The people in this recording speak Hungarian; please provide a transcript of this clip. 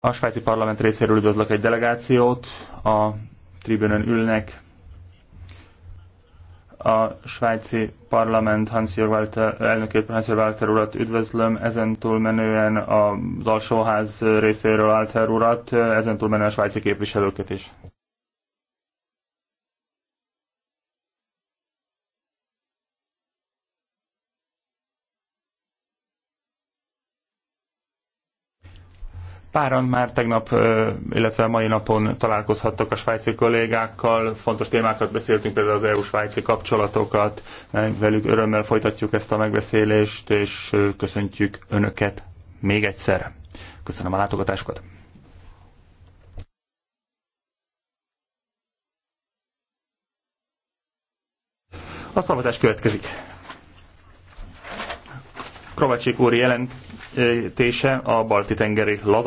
A svájci parlament részéről üdvözlök egy delegációt, a tribünön ülnek a svájci parlament Hans-Jörg Walter, elnökét Hans-Jörg Walter urat üdvözlöm, ezen túlmenően az alsóház részéről Walter urat, ezen túlmenően a svájci képviselőket is. Páran már tegnap, illetve mai napon találkozhattak a svájci kollégákkal, fontos témákat beszéltünk, például az EU-svájci kapcsolatokat, velük örömmel folytatjuk ezt a megbeszélést, és köszöntjük Önöket még egyszer. Köszönöm a látogatásokat! A szavazás következik. Krovacsik úr jelentése a balti tengeri lazat